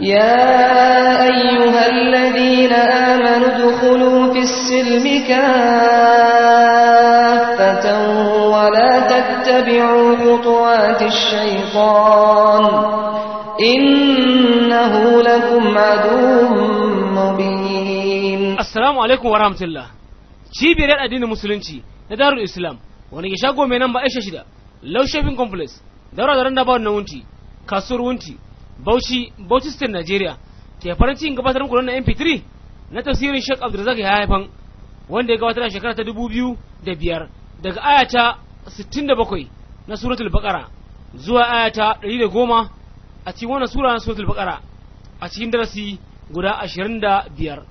يا أيها الذين آمنوا ادخلوا في السلم كافة ولا تتبعوا خطوات الشيطان إنه لكم عدو مبين السلام عليكم ورحمة الله تشيبير الدين المسلمين ندار الإسلام وأنا ونجشاقو من نمبر إشاشدا لو شابين كومبلس دارو دارو نبار نونتي كسور ونتي Bauchi Bauchi State Nigeria ke farin gabatar muku wannan MP3 na tasirin Sheikh Abdul ya haifan wanda ya gabatar a shekara ta 2005 daga aya ta 67 na suratul baqara zuwa aya ta 110 a cikin wannan sura na suratul baqara a cikin darasi guda 25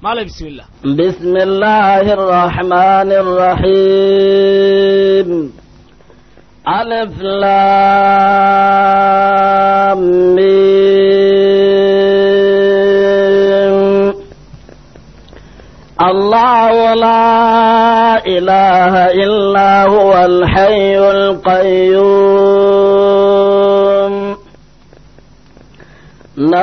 malam bismillah bismillahir rahmanir rahim ألف لام ميم الله لا إله إلا هو الحي القيوم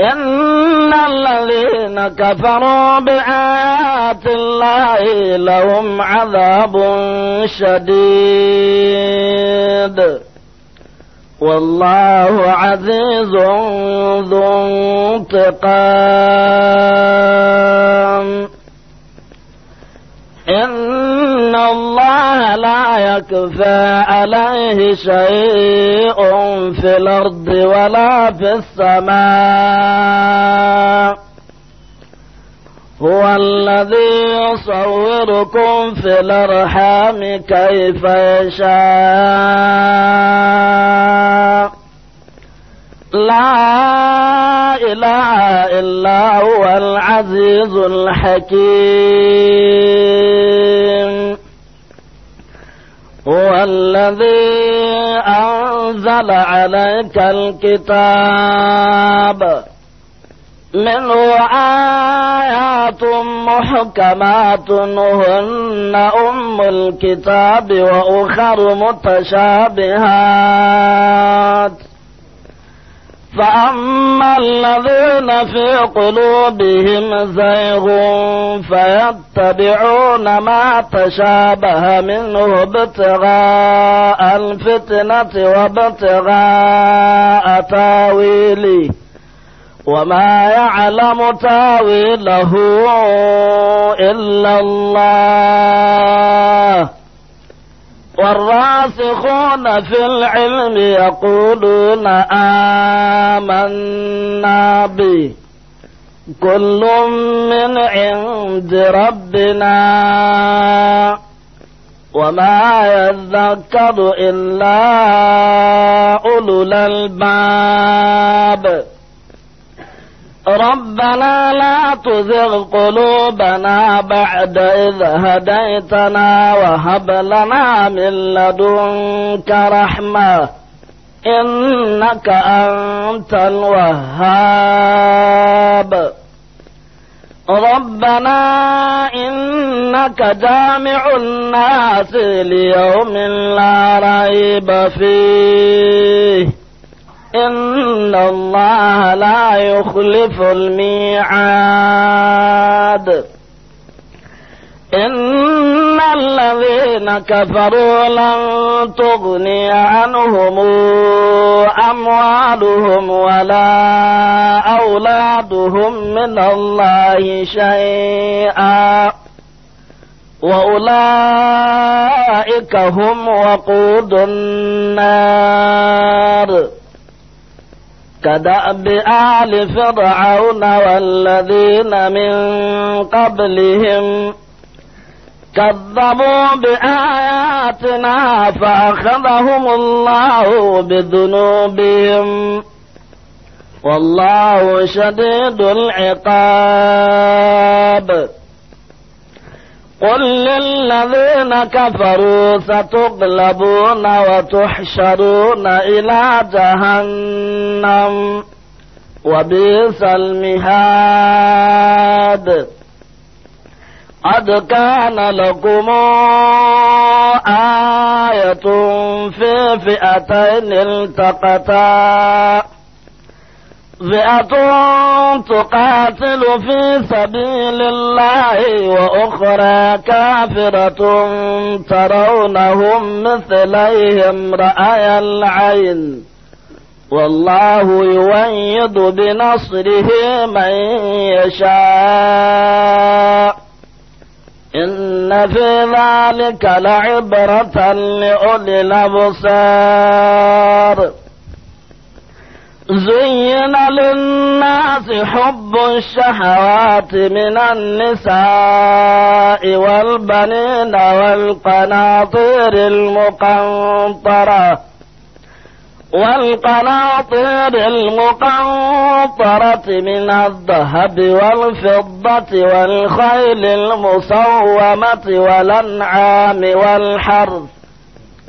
إن الذين كفروا بآيات الله لهم عذاب شديد والله عزيز ذو انتقام إن لا يكفى عليه شيء في الأرض ولا في السماء هو الذي يصوركم في الأرحام كيف يشاء لا إله إلا هو العزيز الحكيم هو الذي أنزل عليك الكتاب منه آيات محكمات هن أم الكتاب وأخر متشابهات فأما الذين في قلوبهم زيغ فيتبعون ما تشابه منه ابتغاء الفتنة وابتغاء تاويله وما يعلم تاويله إلا الله والراسخون في العلم يقولون آمنا به كل من عند ربنا وما يذكر إلا أولو الألباب ربنا لا تزغ قلوبنا بعد إذ هديتنا وهب لنا من لدنك رحمة إنك أنت الوهاب ربنا إنك جامع الناس ليوم لا ريب فيه إن الله لا يخلف الميعاد إن الذين كفروا لن تغني عنهم أموالهم ولا أولادهم من الله شيئا وأولئك هم وقود النار كداب ال فرعون والذين من قبلهم كذبوا باياتنا فاخذهم الله بذنوبهم والله شديد العقاب قل للذين كفروا ستغلبون وتحشرون إلى جهنم وبئس المهاد قد كان لكم آية في فئتين التقتا فئة تقاتل في سبيل الله وأخرى كافرة ترونهم مثليهم رأي العين والله يويد بنصره من يشاء إن في ذلك لعبرة لأولي الأبصار زين للناس حب الشهوات من النساء والبنين والقناطير المقنطرة والقناطير المقنطرة من الذهب والفضة والخيل المصومة والأنعام والحرث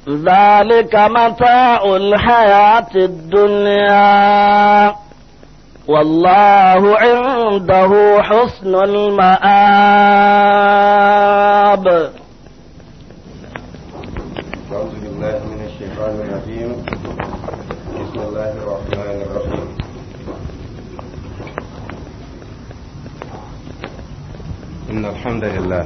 ذلك متاع الحياة الدنيا والله عنده حسن المآب أعوذ بالله من الشيطان الرجيم بسم الله الرحمن الرحيم إن الحمد لله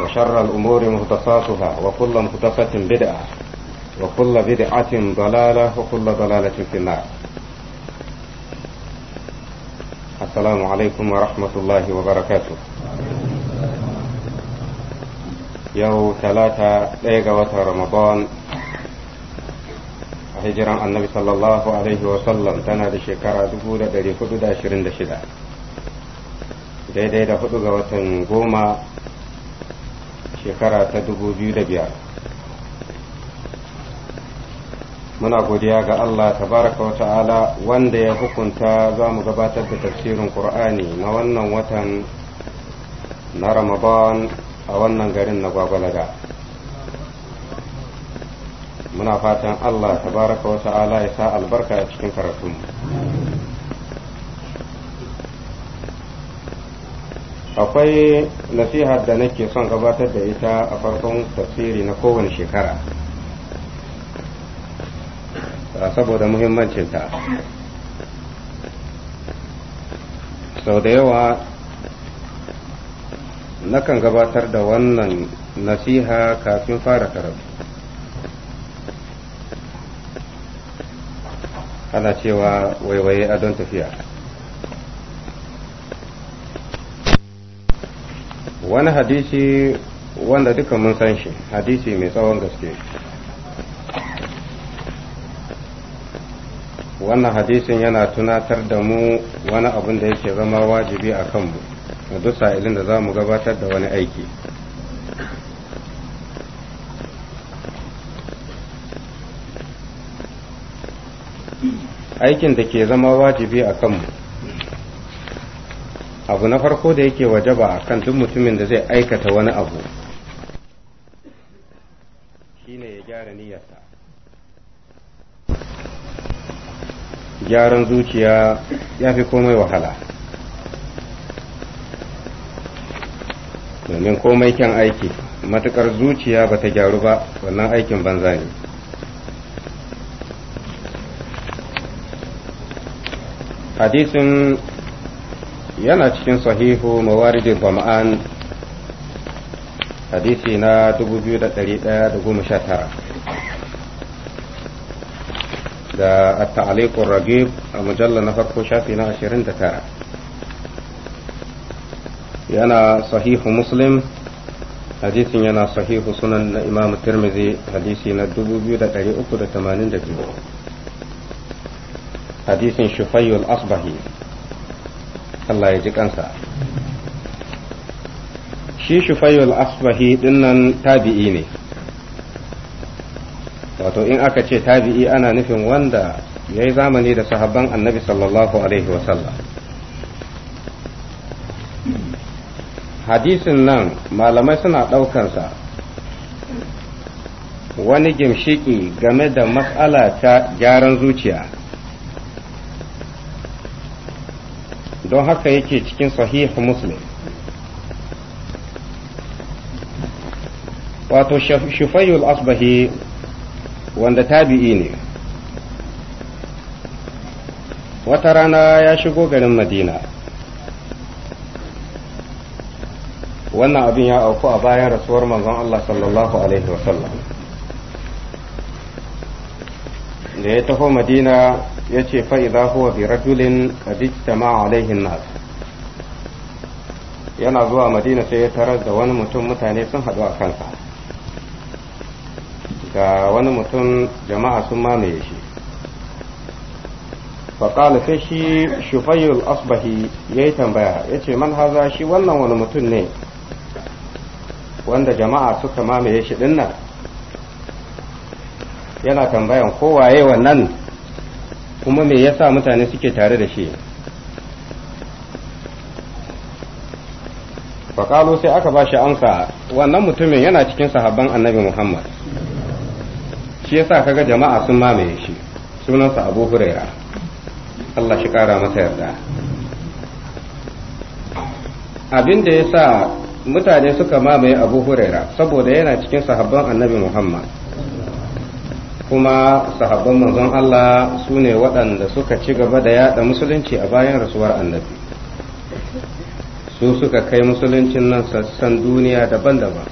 وشر الأمور مهتصاتها وكل مهتصة بدعة وكل بدعة ضلالة وكل ضلالة في النار السلام عليكم ورحمة الله وبركاته يو ثلاثة ليغة رمضان هجرا النبي صلى الله عليه وسلم تنا لشكرا دفودة دري خدودة شرين دشدة دي دي خدودة وطن قومة shekara ta dubu da biyar muna godiya ga Allah tabaraka wa ta'ala wanda ya hukunta za mu gabatar da tafsirin ƙur'ani na wannan watan na Ramadan a wannan garin na Gwagwalaga muna fatan Allah tabaraka wa ta'ala ya sa albarka a cikin karatunmu akwai nasihar da nake son gabatar da ita a farkon tafsiri na kowane shekara ah, saboda muhimmancinta sau da yawa nakan gabatar da wannan nasiha kafin fara karatu ana cewa waiwaye a don tafiya wani hadisi wanda duka mun san shi hadisi mai tsawon gaske wannan hadisin yana tunatar da mu wani abin da yake zama wajibi a kanmu da duk sa'ilin da za mu gabatar da wani aiki aikin da ke zama wajibi a kanmu abu na farko da yake wajaba a kan duk mutumin da zai aikata wani abu shine ya gyara niyyarsa gyaran zuciya ya fi komai wahala domin komai kyan aiki matukar zuciya ba ta gyaru ba wannan aikin banza ne hadisin yana cikin sahihu mawaridin bama'an hadisi na 2119 da at-ta'liqur ragib a mujalla na farko shafi na 29 yana sahihu muslim hadisin yana sahihu sunan na imam tirmidhi hadisi na 2382 hadisin shufayul asbahi Allah ya ji kansa shi shufayul asbahi nan tabi'i ne wato in aka ce tabi'i ana nufin wanda ya yi zamani da sahabban annabi sallallahu alaihi wasallam hadisin nan malamai suna ɗaukansa wani gimshiki game da matsala ta gyaran zuciya don haka yake cikin sahihu muslim wato shufayul asbahi wanda tabi'i ne wata rana ya shigo garin madina wannan abin ya auku a bayan rasuwar manzon Allah sallallahu alaihi wasallam da ya taho madina yace fa idza huwa bi rajulin qad a nas yana zuwa madina sai ya tarar da wani mutum mutane sun haɗu a kansa ga wani mutum jama'a sun mamaye shi faƙala sai shi shufayul asbahi ya yi tambaya ya ce man shi wannan wani mutum ne wanda jama'a suka mamaye shi dinnan yana tambayan kowaye wannan kuma me yasa mutane suke tare da shi faƙalo sai aka ba shi amsa wannan mutumin yana cikin sahabban annabi muhammad shi yasa kaga jama'a sun mamaye shi sunansa abu huraira allah shi kara masa yarda abin da ya sa mutane suka mamaye abu huraira saboda yana cikin sahabban annabi muhammad kuma sahabban manzon Allah su ne waɗanda suka ci gaba da yaɗa musulunci a bayan rasuwar annabi su suka kai musuluncin nan sassan duniya daban-daban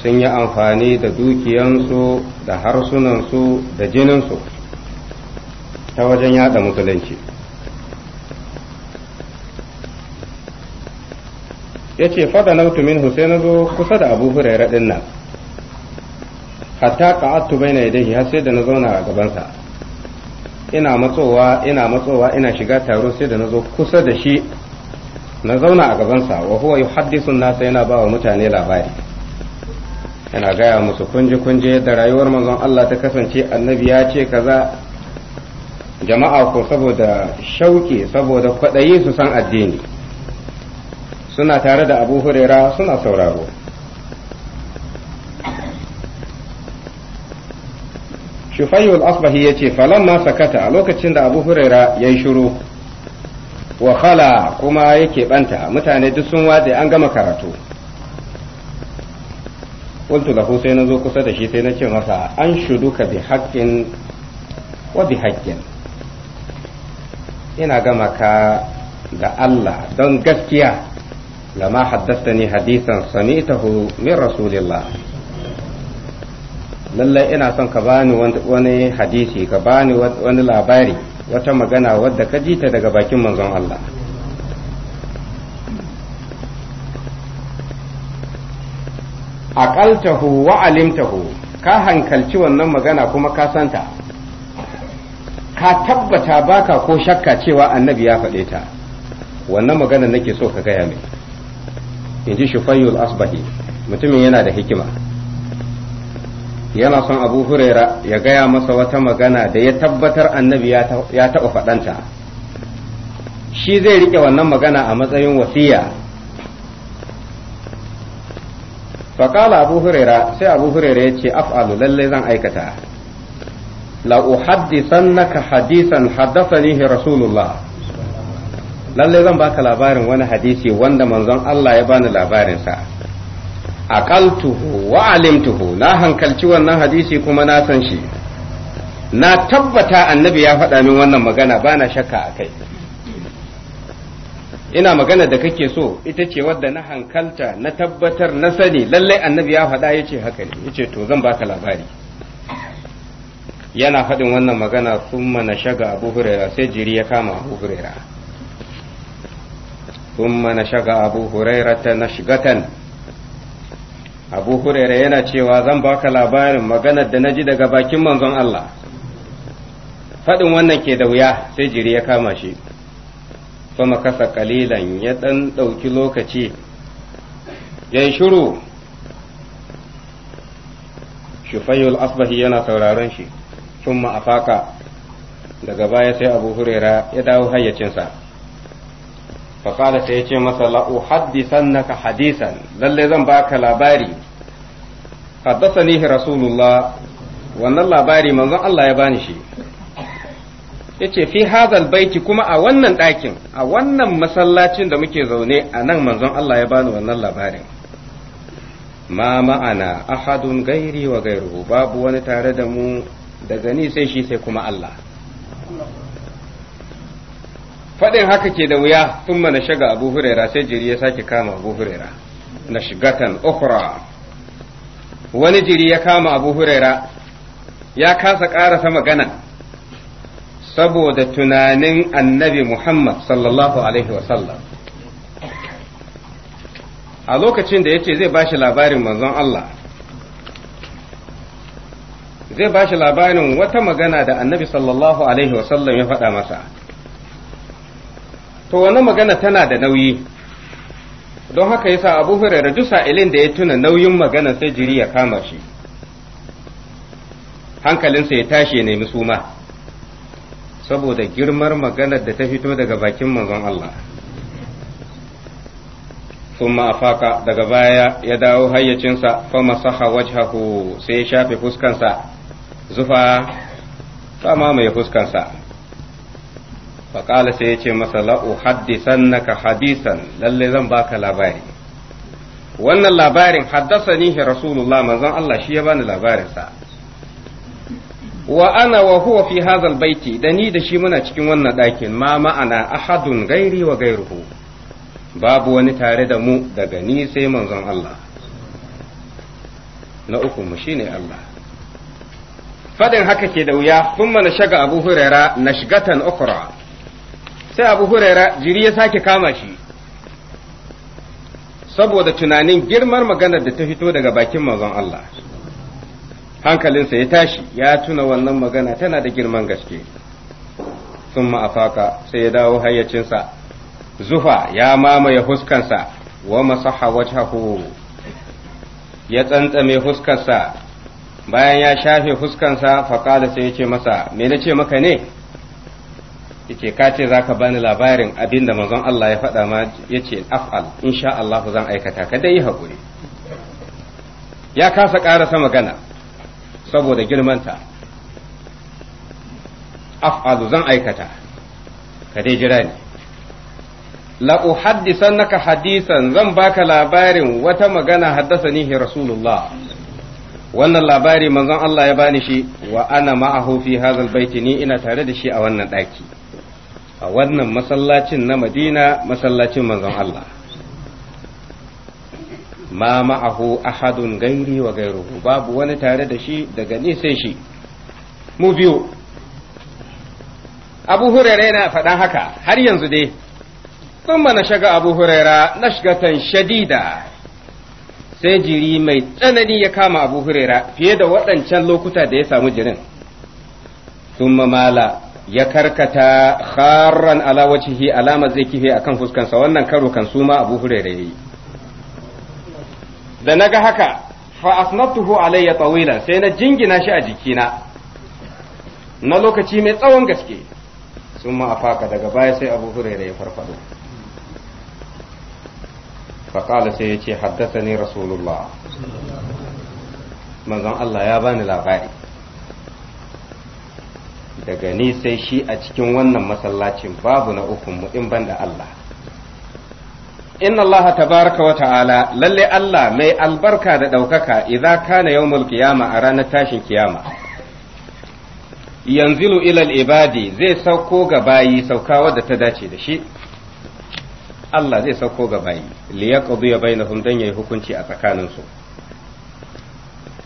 sun yi amfani da dukiyansu da harsunansu da jininsu ta wajen yaɗa musulunci ya ce fada nautumin hussein zo kusa da abu hurairar nan hatta qa'attu baina yadayhi har sai da na zauna a gaban ina matsowa ina matsowa ina shiga taro sai da na zo kusa da shi na zauna a gabansa sa wa huwa yuhaddisu nasa yana ba wa mutane labari yana gaya musu kunje kunje da rayuwar manzon Allah ta kasance annabi ya ce kaza jama'a ko saboda shauki saboda kwaɗayi su san addini suna tare da abu huraira suna sauraro shufayyu al-asbahi yace ma sakata a lokacin da abu huraira yayi shiru wa khala kuma yake banta mutane duk sun wade an gama karatu qultu lahu sai zo kusa da shi sai nace masa an shuduka bi haqqin wa bi haqqin ina gama ka da Allah don gaskiya lama haddasta ni hadisan sami'tahu min rasulillah lallai ina son ka bani wani hadisi ka bani wani labari wata magana wadda ka ji ta daga bakin manzon Allah aqaltahu wa alimtahu ka hankalci wannan magana kuma ka santa ka tabbata baka ko shakka cewa annabi ya faɗe ta wannan magana nake so ka gaya mai. in ji shufayyul asbahi mutumin yana da hikima yana son abu huraira ya gaya masa wata magana da ya tabbatar annabi ya taɓa faɗanta shi zai riƙe wannan magana a matsayin wasiya faƙala abu huraira sai abu huraira ya ce af'alu lallai zan aikata la uhaddisannaka hadisan haddathanihi rasulullah lallai zan baka labarin wani hadisi wanda manzon Allah ya bani labarinsa aqaltuhu wa alimtuhu na hankalci wannan hadisi kuma na san shi na tabbata annabi ya faɗa min wannan magana bana shakka a kai ina magana da kake so ita ce wadda na hankalta na tabbatar na sani lallai annabi ya faɗa ya ce haka ne ya to zan baka labari yana faɗin wannan magana sun na shaga abu huraira sai jiri ya kama abu huraira sun na shaga abu huraira ta na shigatan abu huraira yana cewa zan baka labarin maganar da na ji daga bakin manzon Allah faɗin wannan ke da wuya sai jiri ya kama shi fama kasa kalilan ya ɗan ɗauki lokaci ya yi shuru shufayul asbahi yana sauraron shi a afaka daga baya sai abu huraira ya dawo hayyacinsa faƙala ta yace masa la'u haddisan naka hadisan lalle zan baka labari nihi rasulullah wannan labari manzon Allah ya bani shi yace fi hadal baiti kuma a wannan ɗakin a wannan masallacin da muke zaune a nan manzon Allah ya bani wannan labarin ma ma'ana ahadun gairi wa gairu babu wani tare da mu daga ni sai shi sai kuma Allah faɗin haka ke da wuya tun mana shaga abu huraira sai jiri ya sake kama abu huraira na shigatan ukhra wani jiri ya kama abu huraira ya kasa ƙarasa magana saboda tunanin annabi muhammad sallallahu alaihi wasallam a lokacin da ya ce zai bashi labarin manzon Allah zai bashi labarin wata magana da annabi sallallahu alaihi wasallam ya faɗa masa to wani magana tana da nauyi don haka yasa abu hurairar duk ilin da ya tuna nauyin magana sai jiri ya kama shi hankalinsa ya tashi ya nemi suma saboda girmar maganar da ta fito daga bakin manzon Allah Kuma Afaka daga baya ya dawo hayyacinsa fa masaha wajhahu sai ya shafe fuskansa zufa ta mai fuskansa faƙala sai ya ce masa la'u haddisan naka hadisan lalle zan baka labari wannan labarin haddasa nihi rasulullah manzon Allah shi ya bani labarinsa wa ana wa huwa fi hazal baiti da ni da shi muna cikin wannan ɗakin ma ma'ana ahadun gairi wa gairuhu babu wani tare da mu daga ni sai manzon Allah na uku mu shine Allah fadin haka ke da wuya sun mana shaga abu huraira na shigatan ukura sai abu huraira jiri ya sake kama shi saboda tunanin girmar maganar da ta fito daga bakin mazan Allah hankalinsa ya tashi ya tuna wannan magana tana da girman gaske sun ma'afaka sai ya dawo hayyacinsa zufa ya mamaye huskansa wa masaha wajhahu ya tsantsame huskansa bayan ya shafe huskansa faƙada sai ya ce masa me na ce maka ne yace ka ce za ka bani labarin abin da manzon Allah ya faɗa ma yace af'al insha Allah zan aikata ka dai hakuri ya kasa ƙarasa magana saboda girmanta af'alu zan aikata ka dai jira ni lau la naka hadisan zan baka labarin wata magana haddasani rasulullah wannan labari manzon Allah ya bani shi wa ana ma'ahu fi hadha albayt ni ina tare da shi a wannan daki a wannan masallacin na madina masallacin manzon Allah ma ma'ahu ahadun gairi wa gairuhu babu wani tare da shi daga ni shi mu biyo. abu hurera yana faɗan haka har yanzu dai sun mana shaga abu hurera na shigatan shadida sai jiri mai tsanani ya kama abu hurera fiye da waɗancan lokuta da ya samu jirin sun mamala ya karkata kharran ala wajhihi alama zai kife akan fuskansa wannan karo kan suma abu hurairu yayi da naga haka fa asnatuhu alayya tawilan sai na jingina shi a jikina na lokaci mai tsawon gaske summa afaka daga baya sai abu hurairu ya farfado fa ya sai yace haddathani rasulullah manzon Allah ya bani labari daga ni sai shi a cikin wannan masallacin babu na ukunmu in banda Allah inna Allah tabaraka wa ta'ala lalle Allah mai albarka da ɗaukaka idza kana yawmul qiyama a ranar tashin kiyama yanzilu ilal ibadi zai sauko ga bayi sauka da ta dace da shi Allah zai sauko ga bayi liyaqdi bainahum dan yayi hukunci a tsakaninsu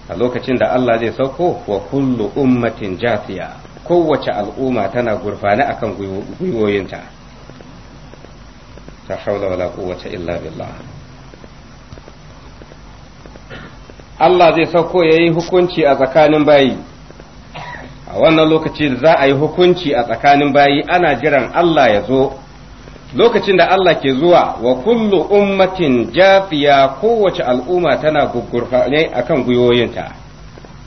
a lokacin da Allah zai sauko wa kullu ummatin jafiya kowace al'umma tana gurfani akan gwiwoyinta ta haula wala kowace illa billah Allah zai sauko ya yi hukunci a tsakanin bayi a wannan lokaci za a yi hukunci a tsakanin bayi ana jiran Allah ya zo lokacin da Allah ke zuwa wa kullu ummatin jafiya kowace al'umma tana gugurfa ne akan gwiwoyinta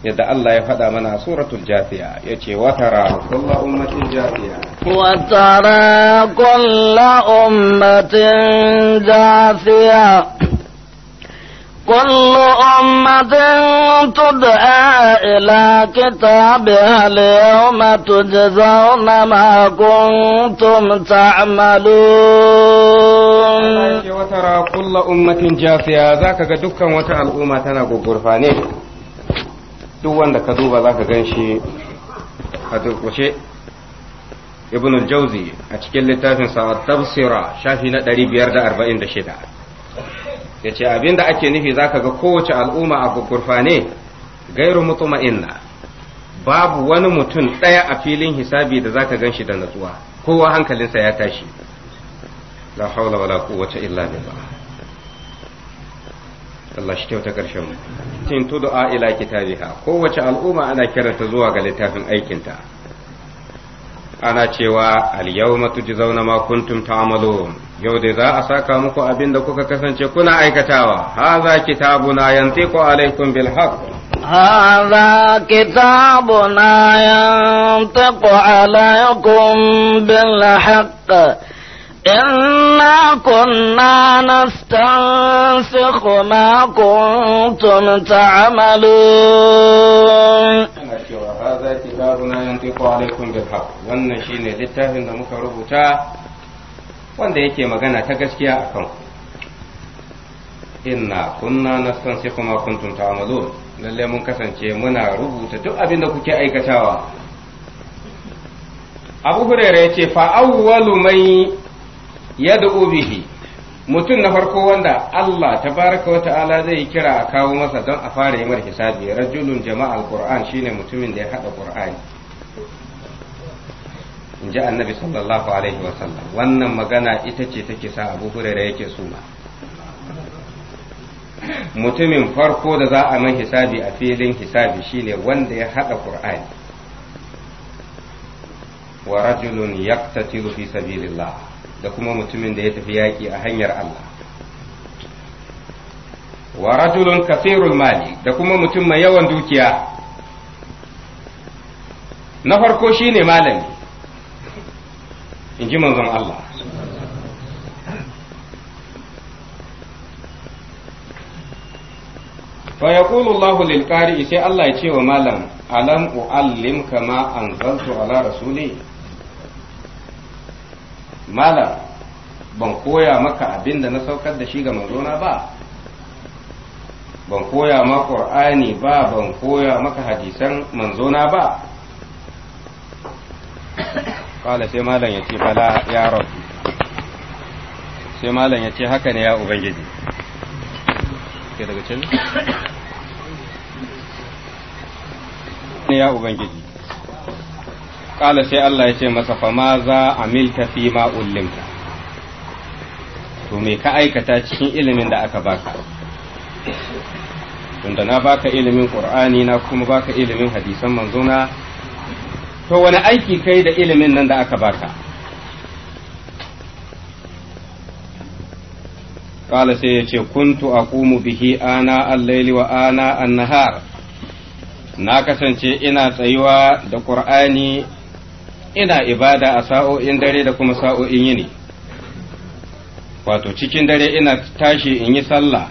yadda Allah ya faɗa mana a suratul jafiya ya ce watara kulla ummatin jafiya watara kulla ummatin jafiya كل أمة تدعى إلى كتابها اليوم تجزون ما كنتم تعملون وترى كل أمة جاثية ذاك دكا وترى الأمة تنا duk wanda ka duba za ka gan shi a turkushe ibn al-jauzi a cikin littafin sa tafsira shafi na 546 yace abinda ake nufi zaka ga kowace al'umma a gurfane gairu mutma'inna babu wani mutum ɗaya a filin hisabi da zaka ganshi da natsuwa kowa hankalinsa ya tashi la haula wala quwwata illa billah Allah shi kyauta karshen mu tin tud'a ila kitabiha kowace al'umma ana kiranta zuwa ga littafin aikinta ana cewa al-yawma tujzauna ma kuntum ta'malun yau da za a saka muku abin da kuka kasance kuna aikatawa haza kitabuna yantiqu alaikum bil haqq هذا كتابنا ينطق عليكم بالحق إنا كنا نستنسخ ما كنتم تعملون هذا كتابنا ينطق عليكم بالحق wannan shine littafin da muka rubuta wanda yake magana ta gaskiya a kan inna kunna nastansikhu ma kuntum ta'malun lalle mun kasance muna rubuta duk abinda kuke aikatawa abu hurairah yace fa awwalu mai yad'u bihi mutum na farko wanda Allah tabaraka wa ta'ala zai kira a kawo masa don a fara yi marki hisabi rajulun jama'al qur'an shine mutumin da ya hada qur'ani in annabi sallallahu alaihi wa sallam wannan magana ita ce take sa abu hurairu yake suma mutumin farko da za a man hisabi a filin hisabi shine wanda ya haɗa qur'ani wa rajulun yaqtatilu fi sabilillah da kuma mutumin da ya tafi yaƙi a hanyar Allah wa rajulun kasirul mali da kuma mutum mai yawan dukiya na farko shine malami in ji manzon Allah fa yaqulu Allahu lil qari'i sai Allah ya ce wa malam alam uallimka ma anzaltu ala rasuli malam ban koya maka abin da na saukar da shi ga manzona ba ban koya ma qur'ani ba ban koya maka hadisan manzona ba kala sai malam ya ce bala ya rabu sai malam ya ce haka ne ya ubangiji ke daga can ne ya ubangiji ƙala sai Allah ya ce masa fama za a milta fi ma ullimta to me ka aikata cikin ilimin da aka baka tunda na baka ilimin ƙur'ani na kuma baka ilimin hadisan manzona to wani aiki kai da ilimin nan da aka baka ƙala sai ya ce kuntu aqumu bihi ana al-laili wa ana an-nahar na kasance ina tsayuwa da ƙur'ani ina ibada a sa'o'in dare da kuma sa'o'in yini wato cikin dare ina tashi in yi sallah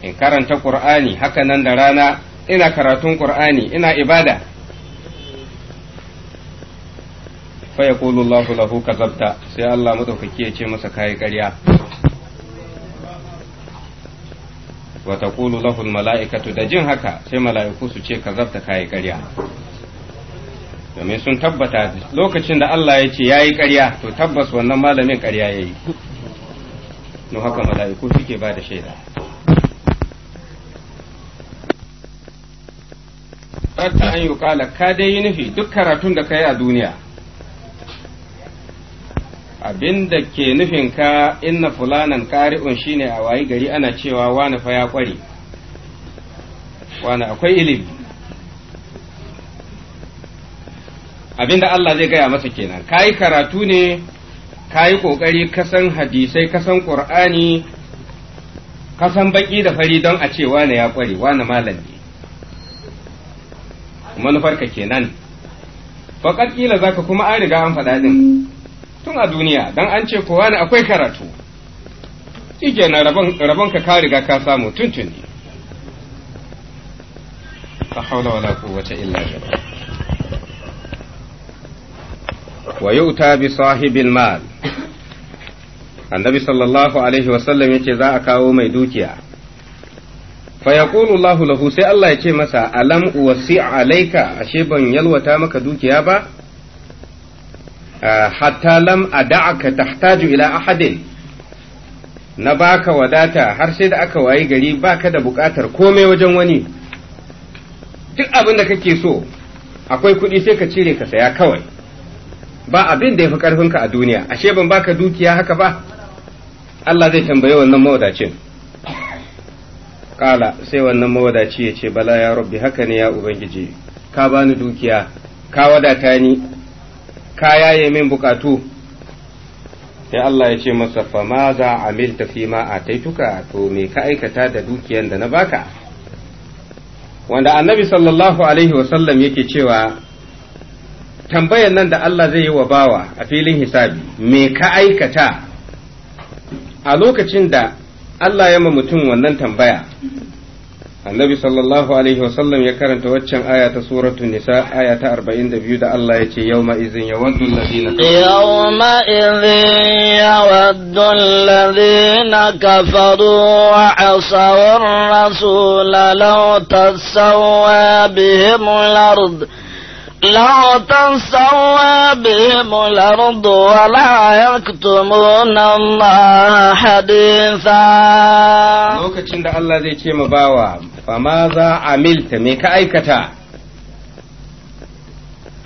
in karanta ƙur'ani haka nan da rana ina karatun ƙur'ani ina ibada fa Kulu Allahu lahu kazabta sai Allah madaukaki ya ce masa kai ƙarya wa taqulu lahu al-mala'ikatu da jin haka sai mala'iku su ce kazabta kai karya domin sun tabbata lokacin da Allah ya ce ya yi ƙarya to tabbas wannan malamin ƙarya ya yi no haka mala'iku suke ba da shaida ta an yi kala ka dai yi nufi duk karatun da ka yi a duniya abinda ke nufin ka inna fulanan ƙari'un shine a wayi gari ana cewa wani fa ya ƙware wani akwai ilimi abinda Allah zai gaya masa kenan kayi karatu ne kayi kokari kasan hadisai kasan qur'ani kasan baki da fari don a ce wane ya kware wane malam ne manufarka kenan faƙar ƙila zaka kuma an riga an faɗa din tun a duniya dan an ce kowa wani akwai karatu shike na rabon ka ka riga ka samu tuntuni fa hawla wala quwwata illa billah wa yu'ta bi sahibil mal annabi sallallahu alaihi wasallam yace za a kawo mai dukiya fa yaqulu Allah lahu sai Allah ya ce masa alam wasi alaika ashe ban yalwata maka dukiya ba Hata lam a ka tahtaju ila ahadin na baka wadata har sai da aka wayi gari baka da buƙatar komai wajen wani duk abinda da kake so akwai kuɗi sai ka cire ka saya kawai ba abin da ya fi ƙarfinka a duniya ashe ban baka dukiya haka ba Allah zai tambaye wannan mawadacin kala sai wannan mawadaci ya ce bala ya rabbi haka ne ya ubangiji ka bani dukiya ka wadata ni ka yaye min bukatu sai Allah ya ce masa fa ma za amilta fi ma ataituka to me ka aikata da dukiyan da na baka wanda annabi sallallahu alaihi wasallam yake cewa tambayan nan da Allah zai yi wa bawa a filin hisabi me ka aikata a lokacin da Allah ya ma mutum wannan tambaya annabi sallallahu alaihi wasallam ya karanta waccan aya ta suratul nisa aya ta 42 da Allah ya ce yawma idhin yawaddu alladhina yawma ya yawaddu ladina kafaru wa asawar rasul law tasawwa bihim al-ard لا تسوى بهم الأرض ولا يكتمون الله حديثا لوكacin da Allah zai ce ma bawa fama za amilta me ka aikata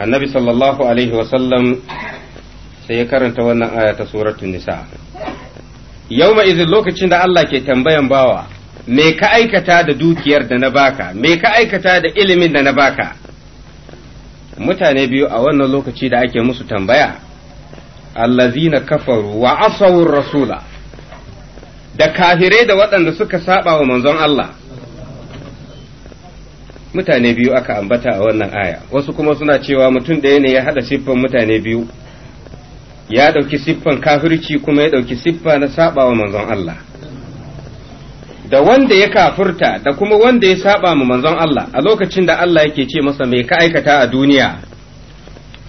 annabi sallallahu alaihi wasallam sai ya karanta wannan aya ta suratul nisa yauma izin lokacin da Allah ke tambayan bawa me ka aikata da dukiyar da na baka me ka aikata da ilimin da na baka mutane biyu a wannan lokaci da ake musu tambaya allazina kafaru wa asawur rasula da kafirai da waɗanda suka saba wa manzon Allah mutane biyu aka ambata a wannan aya wasu kuma suna cewa mutum ɗaya ne ya haɗa siffan mutane biyu ya ɗauki siffan kafirci kuma ya ɗauki siffa na saba wa manzon Allah da wanda ya kafurta da kuma wanda ya saba mu manzon Allah a lokacin da Allah yake ce masa mai ka aikata a duniya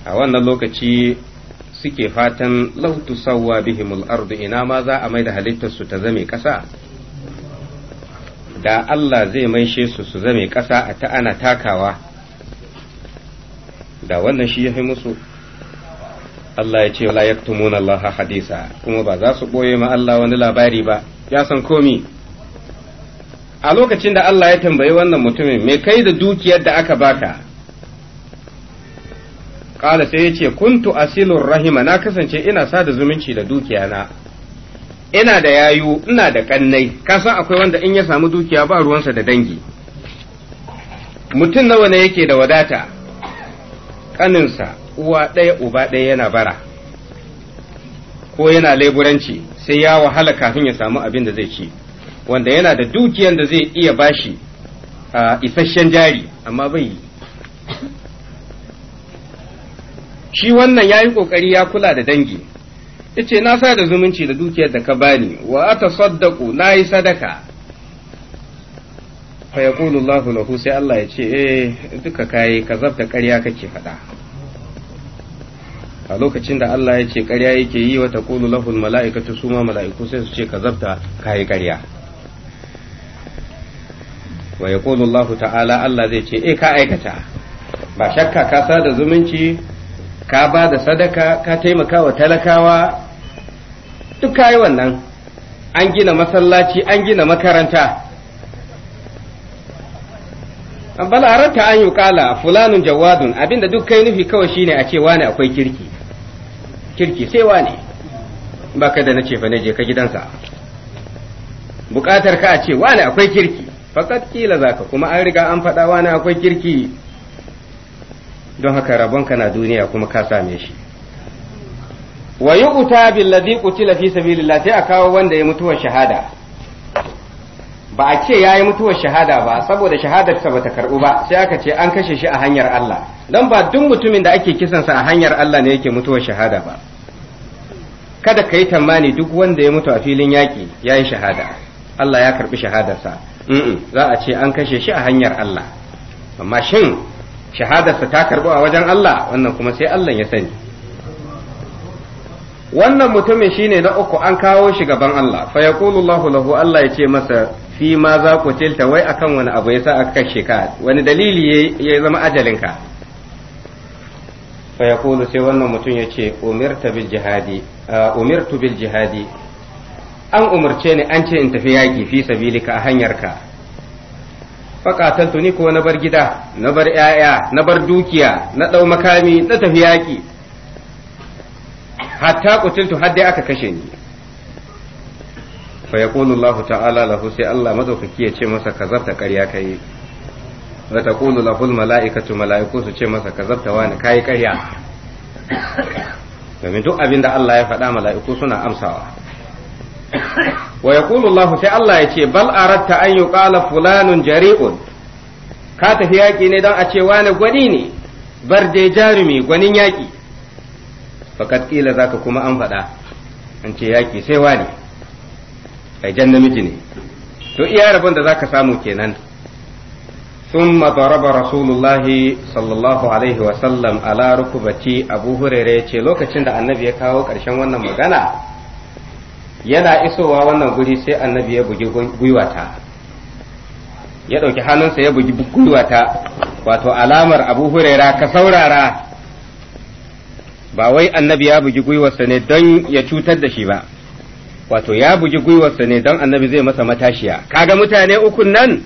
a wannan lokaci suke fatan lautu sawwa bihimul ardu ina ma za a mai da halittar su ta zame kasa da Allah zai maishe su su zame kasa a ta ana takawa da wannan shi ya fi musu Allah ya ce wala yaktumuna Allah hadisa kuma ba za su boye ma Allah wani labari ba ya san komi a lokacin da Allah ya tambayi wannan mutumin me kai da dukiyar da aka baka kala sai ya ce kuntu asilur rahima na kasance ina sa da zumunci da dukiyana ina da yayu ina da kannai kasan akwai wanda in ya samu dukiya ba ruwansa da dangi mutum nawa ne yake da wadata kaninsa uwa ɗaya uba ɗaya yana bara ko yana leburanci sai ya wahala kafin ya samu abin da zai ci wanda yana da dukiyar da zai iya bashi a isasshen jari amma bai yi shi wannan ya yi ƙoƙari ya kula da dangi ce na sa da zumunci da dukiyar da ka bani wa Saddaku na yi sadaka fa ya Allahu lahu sai Allah ya ce eh duka kai ka zabta ƙarya kake faɗa a lokacin da Allah ya ce ƙarya yake yi wa kulu lahu mala'ikatu mala'ikatu suma mala'iku sai su ce ka zabta karya. ƙarya wa ya Allah ta'ala Allah zai ce e ka aikata ba shakka ka sa da zumunci ka ba da sadaka ka taimaka wa talakawa duk kayi wannan an gina masallaci an gina makaranta bala aranta an yi a fulanun jawadun abinda duk kai nufi kawai shine a ce wani akwai kirki kirki sai wani baka da nace fa ne je ka gidansa bukatar ka a ce wani akwai kirki fakat kila zaka kuma an riga an faɗa wani akwai kirki don haka rabonka na duniya kuma ka same shi wa yu'ta billadhi qutila fi sabilillah sai a kawo wanda ya mutuwar shahada ba a ce yayi mutuwar shahada ba saboda shahadarsa bata karbu ba sai aka ce an kashe shi a hanyar Allah dan ba duk mutumin da ake kisansa a hanyar Allah ne yake mutuwa shahada ba kada ka yi tamani duk wanda ya mutu a filin yaƙi ya yi shahada Allah ya karɓi shahadarsa za a ce an kashe shi a hanyar Allah amma shin shahadarsa ta karbu a wajen Allah wannan kuma sai Allah ya sani wannan mutumin shine na uku an kawo shi gaban Allah fa yaqulu lahu Allah ya ce masa fi ma za ku tilta wai akan wani abu yasa aka kashe ka wani dalili ya zama ajalin ka sai sai wannan mutum yace umirta bil jihadi uh, umirtu bil jihadi an umarce ni an ce in tafi yaƙi fi sabilika a hanyarka faƙatantu ni ko na bar gida na bar ‘ya'ya na bar dukiya na ɗau makami na tafi yaƙi hatta kutiltu har dai aka kashe ni fa yaqulu Allah ta'ala lahu sai Allah madaukaki ya ce masa kazabta ƙarya kai wa taqulu lahul mala'ikatu mala'iku su ce masa kazabta wani kai ƙarya domin duk abin da Allah ya faɗa mala'iku suna amsawa wa yaqulu Allah sai Allah ya ce bal aratta an yuqala fulanun jari'un ka tafi yaƙi ne dan a ce wani gwani ne bar dai jarumi gwanin yaƙi fakat kila zaka kuma an faɗa an ce yaƙi sai wani kai jan namiji ne to iya rabon da zaka samu kenan ثم ضرب رسول الله صلى الله عليه وسلم على ركبتي أبو هريرة lokacin da annabi ya kawo ƙarshen wannan magana yana isowa wannan guri sai annabi ya bugi gwiwata ya ɗauki hannunsa ya bugi gwiwata wato alamar abu huraira ka saurara ba wai annabi ya bugi gwiwarsa ne don ya cutar da shi ba wato ya bugi gwiwarsa ne don annabi zai masa matashiya kaga mutane ukun nan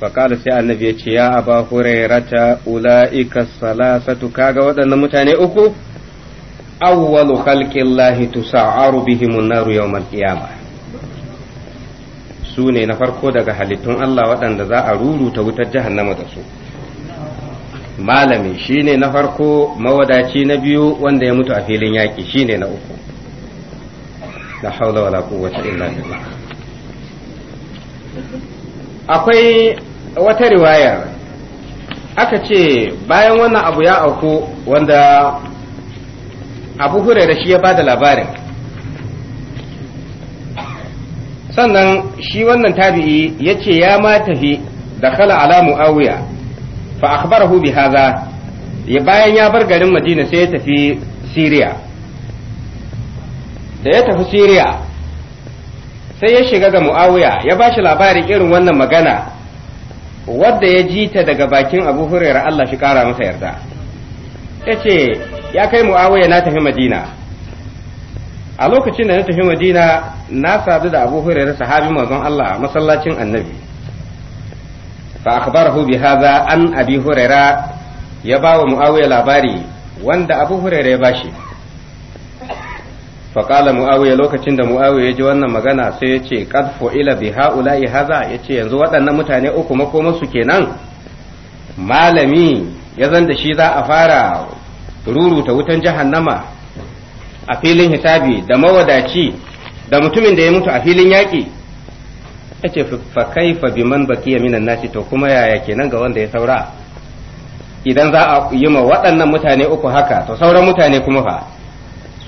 faƙala sai annabi ya ce ya aba hurairata ula'ika salasatu kaga waɗannan mutane uku awwalu khalqillahi tusa'aru bihim an-naru yawmal qiyamah su na farko daga halittun Allah waɗanda za a ruruta wutar jahannama da su malami shine na farko mawadaci na biyu wanda ya mutu a filin yaƙi shine na uku la haula wala quwwata illa billah akwai wata riwayar. aka ce bayan wannan abu ya auku wanda abu huraira shi ya ba da labarin sannan shi wannan tabi'i ya ce ya ma tafi da kala ala mu'awiya fa akhbarahu bi haza ya bayan ya bar garin madina sai ya tafi siriya da ya tafi siriya sai ya shiga ga mu'awiya ya ba shi labarin irin wannan magana wadda ya ji ta daga bakin abu huraira allah shi kara masa yarda ya ce ya kai muawiya na tafi madina a lokacin da na tafi madina na sadu da abu hurairar sahabi manzon Allah a masallacin annabi fa akhbarahu bi hadha an abi hurairah ya ba wa muawiya labari wanda abu hurairah ya bashi faƙala mu'awiya lokacin da mu'awiya ya ji wannan magana sai ya ce qad fu'ila bi ha'ula'i haza ya ce yanzu waɗannan mutane uku makomansu kenan malami ya zan da shi za a fara ruruta wutan jahannama a filin hisabi da mawadaci da mutumin da ya mutu a filin yaƙi ya ce fa kaifa baki bakiya minan nasi to kuma yaya kenan ga wanda ya saura idan za a yi ma waɗannan mutane uku haka to sauran mutane kuma fa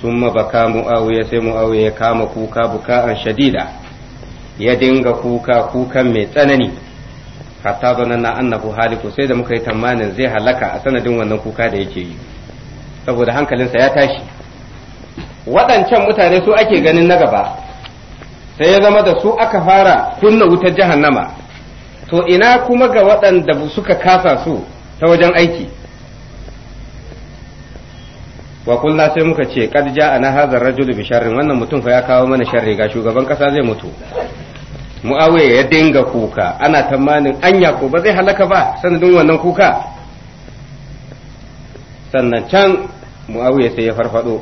sun baka mu'awiya sai mu'awiya ya kama kuka buka'an shadida ya dinga kuka kukan mai tsanani hatta na annahu haliku sai da muka yi tamanin zai halaka a sanadin wannan kuka da yake yi saboda hankalinsa ya tashi waɗancan mutane su ake ganin na gaba sai ya zama da su aka fara kunna wutar jahannama to ina kuma ga waɗanda suka kasa su ta wajen aiki wa kullum sai muka ce kad ja na hazar rajulu bi sharrin wannan mutum fa ya kawo mana sharri ga shugaban kasa zai mutu muawiya ya dinga kuka ana tamanin anya ko ba zai halaka ba sanadin wannan kuka sannan can muawiya sai ya farfado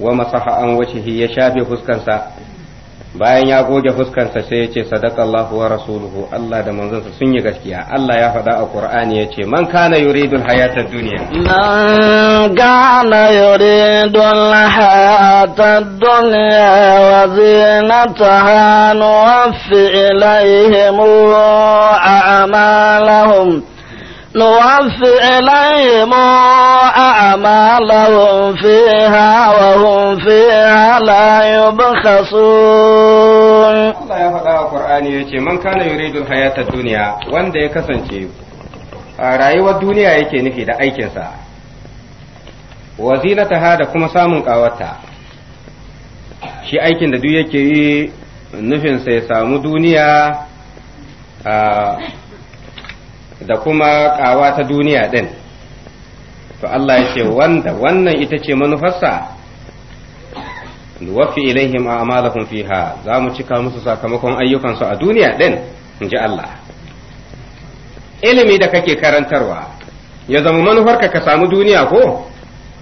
wa masaha an wajhihi ya shafe fuskansa bayan ya goge fuskansa sai ya ce sadaqallahu wa rasuluhu Allah da manzonsa sun yi gaskiya Allah ya faɗa a Qur'ani ya ce man kana yuridul hayatad dunya man kana yuridul hayatad dunya wa zinataha nuwaffi ilayhim a'malahum نوفي إليهم أعمالهم فيها وهم فيها لا يبخسون الله يا فقه القرآن يتي من كان يريد الحياة الدنيا وان دي كسن رأي والدنيا يكي نفي دا أيكين كنسا وزينة دا كما سامن قاوتا شي aikin كن دا دو yi نفي ya samu duniya da kuma kawa ta duniya ɗin to Allah ya ce wanda wannan ita ce manufarsa nuwaffi ilaihim a'malahum fiha za mu cika musu sakamakon ayyukansu a duniya ɗin in ji Allah ilimi da kake karantarwa ya zama manufarka ka samu duniya ko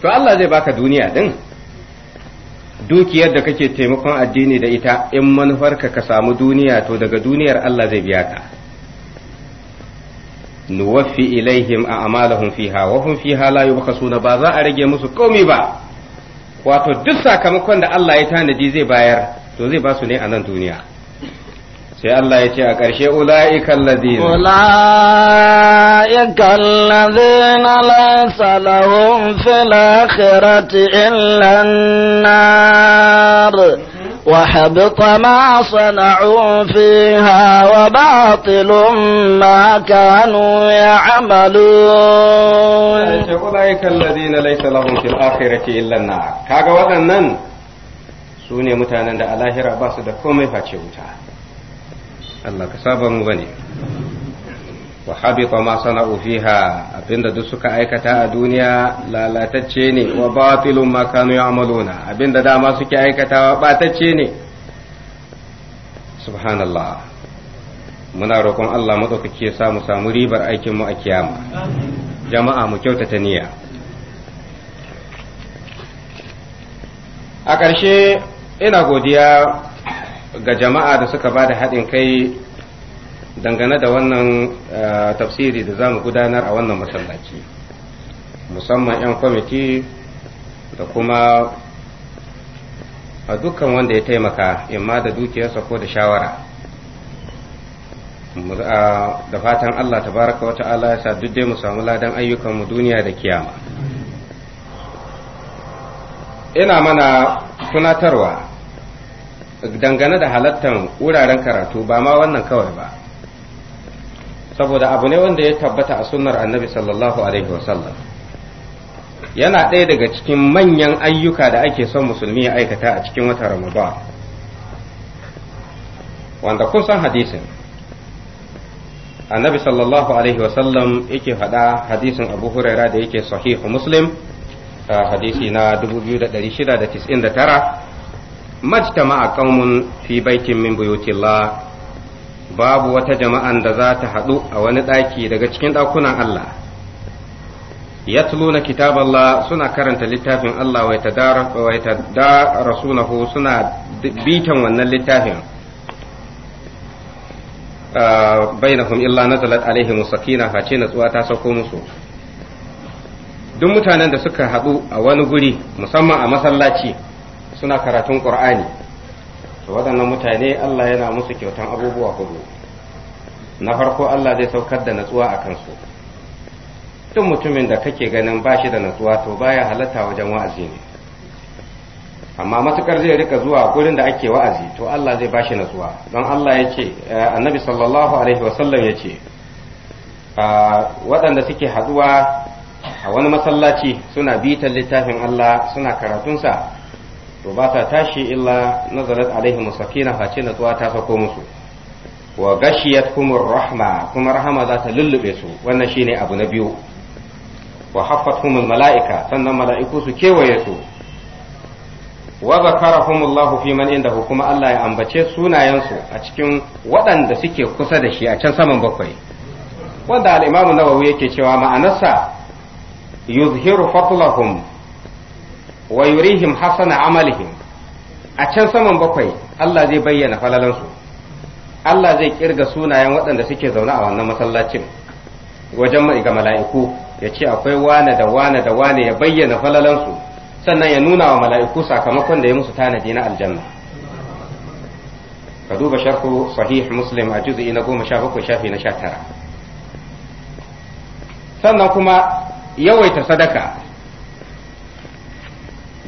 to Allah zai baka duniya din dukiyar da kake taimakon addini da ita in manufarka ka samu duniya to daga duniyar Allah zai biya ka nuwaffi ilaihim a amalahum fiha wa hum fiha la yubkhasuna ba za a rage musu komai ba wato duk sakamakon da Allah ya tanadi zai bayar to zai ba su ne a nan duniya sai Allah ya ce a ƙarshe ula'ikan ladina ula'ikan ladina laysa lahum fil akhirati illa nar وحبط ما صنعوا فيها وباطل ما كانوا يعملون أولئك الذين ليس لهم في الآخرة إلا النار كاغا ودنن سوني متانا دا الاهرة باس دا كومي فاتشي Allah ka saba mu bane wa habita ma sana'u fiha abinda duk suka aikata a duniya lalatacce ne wa batilun ma kanu ya'maluna abinda dama suke aikata batacce ne subhanallah muna roƙon Allah madaukake ya sa mu samu ribar aikin mu a kiyama jama'a mu kyautata niyya a ƙarshe ina godiya ga jama'a da suka ba da haɗin kai dangane da wannan eh, tafsiri da za mu gudanar a wannan masallaci musamman 'yan kwamiti da kuma a dukkan wanda ya taimaka imma da dukiyarsa ko da shawara eh, da fatan Allah tabaraka wa ta'ala ya sa duk dai mu samu ladan ayyukanmu duniya da kiyama ina mana tunatarwa dangane da halattan wuraren karatu ba ma wannan kawai ba saboda abu ne wanda ya tabbata a sunnar annabi sallallahu alaihi wasallam yana ɗaya daga cikin manyan ayyuka da ake son musulmi ya aikata a cikin watan ramadan wanda kun san hadisin annabi sallallahu alaihi wasallam yake faɗa hadisin abu huraira da yake sahihu muslim hadisi na 2699 majtama'a qaumun fi baitin min buyutillah babu wata jama'an da za ta haɗu a wani ɗaki daga cikin ɗakunan Allah Ya na kitab Allah suna karanta littafin Allah wa tadarasunahu suna bitan wannan littafin ah, bainahum illa na nazalat alaihim sakina face natsuwa ta sauko musu duk mutanen da suka haɗu a wani guri musamman a masallaci suna karatun Qur'ani to waɗannan mutane Allah yana musu kyautan abubuwa hudu na farko Allah zai saukar da natsuwa a kansu tun mutumin da kake ganin ba shi da natsuwa to baya halatta wajen wa'azi ne amma matukar zai rika zuwa gurin da ake wa'azi to Allah zai bashi natsuwa don Allah ya ce eh, annabi sallallahu alaihi wasallam ya ce ah, waɗanda suke haɗuwa a wani masallaci suna bitan littafin Allah suna karatunsa to ba ta tashi illa nazarat alaihim sakina face natsuwa ta sako musu wa gashiyat kumur rahma kuma rahama za ta lullube su wannan shine abu na biyu wa haffathumul mala'ika sannan mala'iku su kewaye su wa zakarahumullahu fi man indahu kuma Allah ya ambace sunayensu a cikin waɗanda suke kusa da shi a can saman bakwai wanda al-Imam Nawawi yake cewa ma'anarsa yuzhiru fatlahum wa yurihim hasana amalihim a can saman bakwai Allah zai bayyana falalansu Allah zai kirga sunayen waɗanda suke zaune a wannan masallacin wajen ga mala'iku ya ce akwai wane da wane da wane ya bayyana falalansu sannan ya nuna wa mala'iku sakamakon da ya musu tanadi na aljanna ka duba sharhu sahih muslim a juz'i na goma sha bakwai shafi na sha tara sannan kuma yawaita sadaka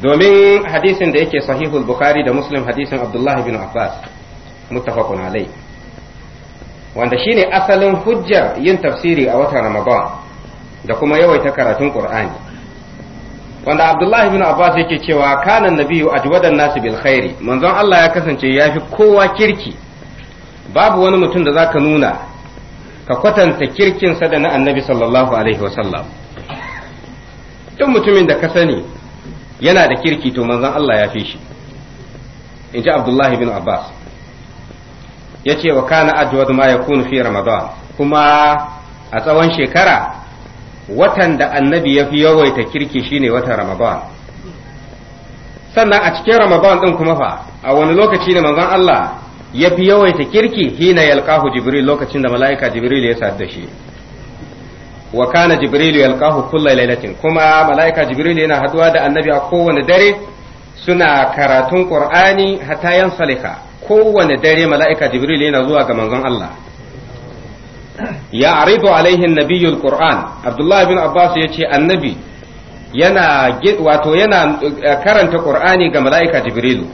domin hadisin da yake sahihul bukhari da muslim hadisin abdullahi bin abbas muttafaqun alai wanda shine asalin hujjar yin tafsiri a watan ramadan da kuma yawaita karatun qur'ani wanda abdullahi bin abbas yake cewa kana nabiyu ajwadan nasu bil khairi manzon Allah ya kasance yafi kowa kirki babu wani mutum da zaka nuna ka kwatanta kirkinsa da na annabi sallallahu alaihi wasallam duk mutumin da ka sani yana da kirki to manzon Allah ya fi shi in ji Abdullahi bin Abbas ya ce wa kana ajwad ma yakunu fi Ramadan kuma a tsawon shekara watan da annabi ya fi yawaita kirki shine watan Ramadan sannan a cikin Ramadan din kuma fa a wani lokaci ne manzon Allah ya fi yawaita kirki hina yalqahu Jibril lokacin da mala'ika Jibril ya sadu da shi wa kana jibrilu yalqahu kulla lailatin kuma malaika jibrilu yana haduwa da annabi a kowane dare suna karatun qur'ani hatta salika kowane dare malaika jibrilu yana zuwa ga manzon Allah ya aridu alaihi nabiyyu alquran abdullah bin abbas yace annabi yana wato yana eh, karanta qur'ani ga malaika jibrilu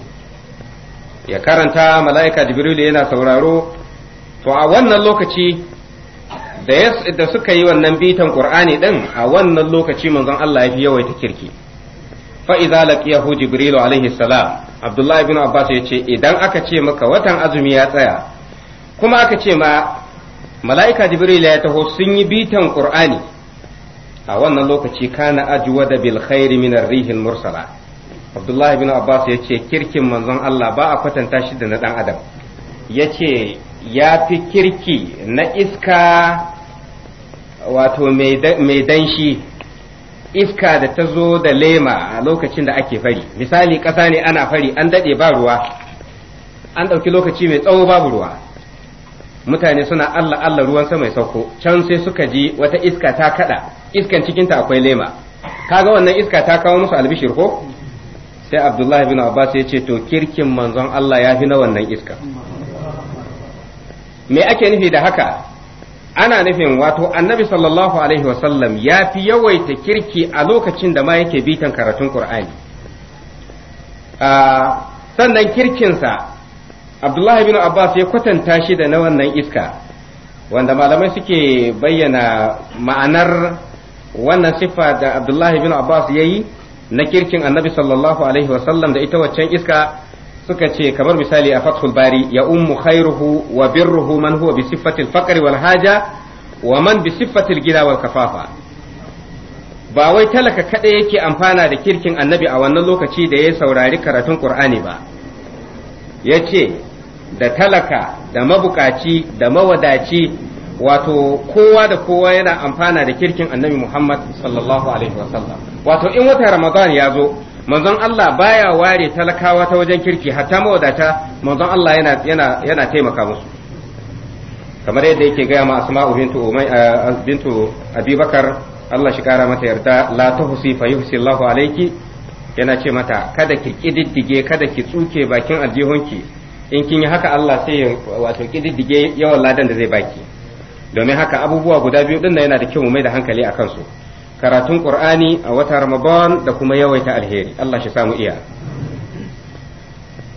ya karanta malaika jibrilu yana sauraro to a wannan lokaci da suka yi wannan bitan qur'ani din a wannan lokaci manzon Allah ya fi yawaita kirki fa idza laqiyahu jibril alaihi salam abdullahi ibn abbas ya ce idan aka ce maka watan azumi ya tsaya kuma aka ce ma mala'ika jibril ya taho sun yi bitan qur'ani a wannan lokaci kana da bil khair min ar-rihil mursala abdullahi ibn abbas ya ce kirkin manzon allah ba a kwatanta shi da na dan adam ya ce ya fi kirki na iska wato mai danshi iska da ta zo da lema a lokacin da ake fari misali ƙasa ne ana fari an daɗe ba ruwa an ɗauki lokaci mai tsawo babu ruwa mutane suna Allah Allah ruwan sama ya sauko can sai suka ji wata iska ta kaɗa iskan cikinta akwai lema kaga wannan iska ta kawo musu albishir ko sai abdullahi bin abbas ya ce to kirkin manzon Allah ya fi na wannan iska me ake nufi da haka ana nufin wato annabi sallallahu alaihi wasallam ya fi yawaita kirki a lokacin da ma yake bitan karatun qur'ani ah, sannan kirkinsa abdullahi bin abbas ya kwatanta shi da na wannan iska wanda malamai suke bayyana ma'anar wannan siffa da abdullahi bin abbas ya yi na kirkin annabi sallallahu alaihi wasallam da ita waccan iska suka ce kamar misali a fathul bari ya ummu khairuhu wa birruhu man huwa bi siffatil faqri wal haja wa man bi siffatil gida wal kafafa ba wai talaka kadai yake amfana da kirkin annabi a wannan lokaci da ya saurari karatun qur'ani ba yace da talaka da mabukaci da mawadaci wato kowa da kowa yana amfana da kirkin annabi Muhammad sallallahu alaihi wasallam wato in wata ramadan ya zo manzon Allah baya ware talakawa ta wajen kirki hatta mawadata manzon Allah yana yana yana taimaka musu kamar yadda yake gaya ma asma'u bintu umay eh, bintu Allah shi kara mata yarda la tahsi fa yuhsi Allahu alayki yana ce mata kada ki kididdige kada ki tsuke bakin aljihunki in kin yi haka Allah sai ya wato kididdige yawan ladan da zai baki domin haka abubuwa guda biyu din yana da kyau mu mai da hankali akan su karatun qur'ani a wata ramadan da kuma yawaita alheri Allah shi samu iya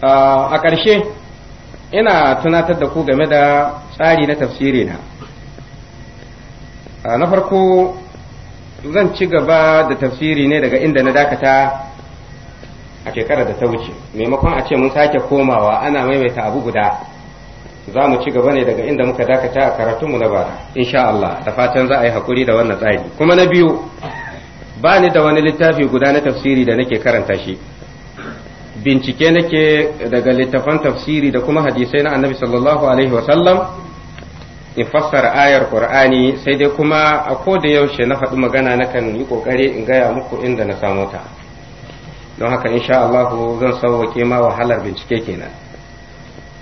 a ƙarshe ina tunatar da ku game da tsari na tafsiri na na farko zan ci gaba da tafsiri ne daga inda na dakata a shekarar da ta wuce maimakon a ce mun sake komawa ana maimaita abu guda za mu ci gaba ne daga inda muka dakata a karatunmu na bara insha Allah da fatan za a yi hakuri da wannan tsari kuma na biyu ba ni da wani littafi guda na tafsiri da nake karanta shi bincike nake daga littafan tafsiri da kuma hadisai na annabi sallallahu alaihi wasallam in fassara ayar qur'ani sai dai kuma a ko da yaushe na faɗi magana na kan yi kokari in gaya muku inda na samu ta don haka insha Allah zan sauwake ma wahalar bincike kenan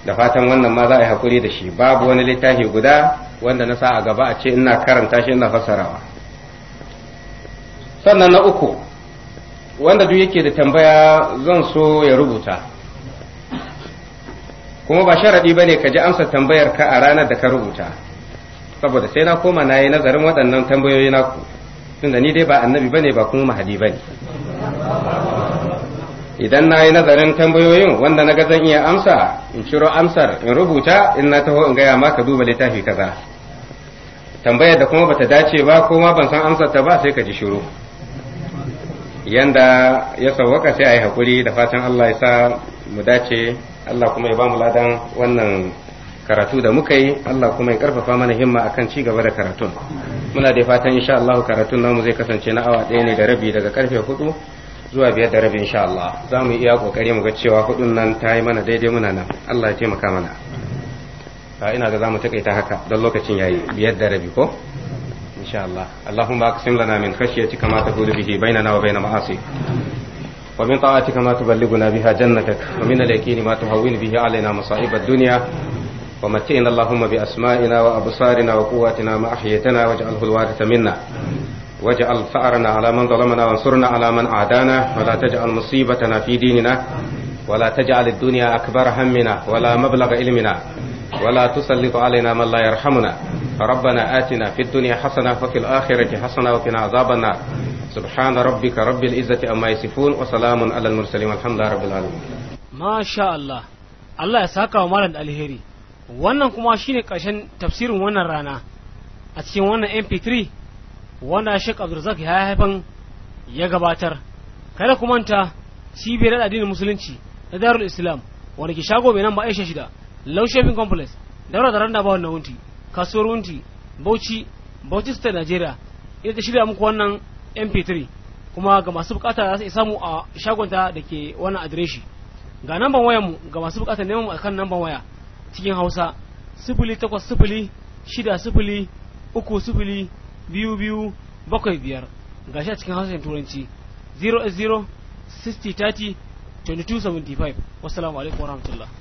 da fatan wannan ma za a yi hakuri da shi babu wani littafi guda wanda na sa a gaba a ce ina karanta shi ina fassarawa sannan na uku wanda duk yake da tambaya zan so ya rubuta kuma ba sharaɗi ba ne ka ji amsa tambayar ka a ranar da ka rubuta saboda sai na koma na yi nazarin waɗannan tambayoyi naku tunda ni dai ba annabi ba ne ba kuma mahadi ba ne idan na yi nazarin tambayoyin wanda na ga zan iya amsa in ciro amsar in rubuta in na taho in gaya ma ka duba littafi kaza tambayar da kuma bata dace ba ko ma ban san amsar ta ba sai ka ji shiru yanda ya sauwaka sai a yi hakuri da fatan Allah ya sa mu dace Allah kuma ya ba mu ladan wannan karatu da muka yi Allah kuma ya karfafa mana himma akan ci gaba da karatun muna da fatan insha Allah karatun namu zai kasance na awa ɗaya ne da rabi daga karfe hudu zuwa biyar da rabi insha Allah za mu iya kokari mu ga cewa hudun nan ta yi mana daidai muna nan Allah ya taimaka mana Ba ina ga za mu takaita haka don lokacin yayi biyar da rabi ko insha Allah Allahumma aqsim lana min khashyatika ma taqulu bihi bainana wa bain ma'asik ومن طاعتك ما تبلغنا واجعل ثأرنا على من ظلمنا وانصرنا على من عادانا ولا تجعل مصيبتنا في ديننا ولا تجعل الدنيا أكبر همنا ولا مبلغ علمنا ولا تسلط علينا من لا يرحمنا ربنا آتنا في الدنيا حسنة وفي الآخرة حسنة وقنا عذاب النار سبحان ربك رب العزة أما يصفون وسلام على المرسلين والحمد لله رب العالمين ما شاء الله Allah ya saka wa malam alheri wannan kuma shine ƙarshen tafsirin wannan rana a cikin wannan mp3 wanda Sheikh Abdulrazak ya haifan ya gabatar kada ku manta cibiyar addinin musulunci na Darul Islam wanda ke shago mai nan ba Aisha shida Low shaping Complex daura da randa ba wannan wunti kasuwar wunti Bauchi Bauchi State Najeriya. ita ta shirya muku wannan MP3 kuma ga masu bukata za su samu a shagonta da ke wannan adireshi ga namban wayar mu ga masu bukata neman mu kan namban waya cikin Hausa sifili takwas sifili shida sifili uku sifili biyu biyu bakwai biyar ga shi a cikin harshen turanci 0 0 60 30 22 75 wassalamu alaikum warahmatullahi